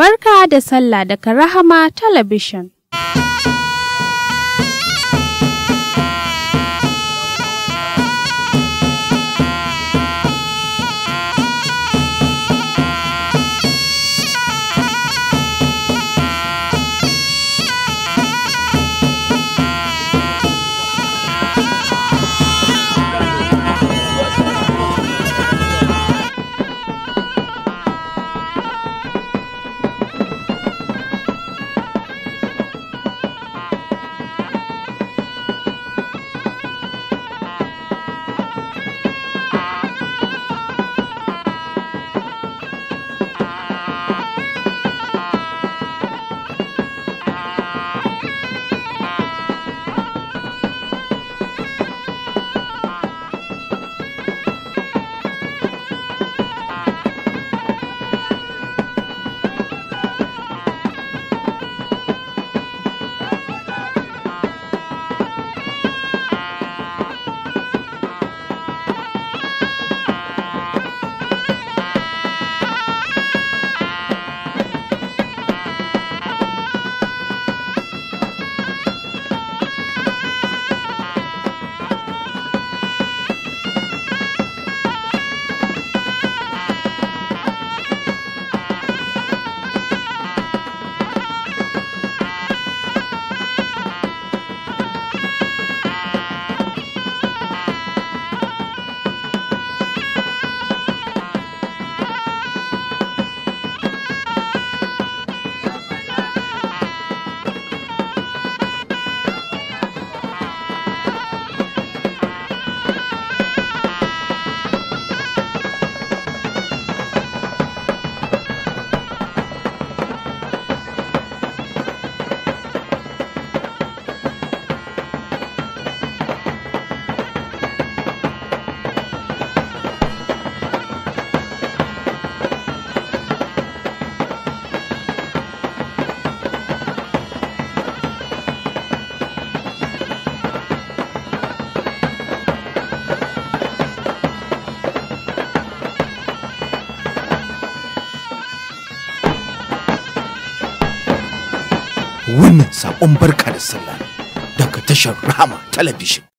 Barka da sallah daga Rahama Talabishin. wannan saƙon barka da sallah daga tashar rahama talabijin.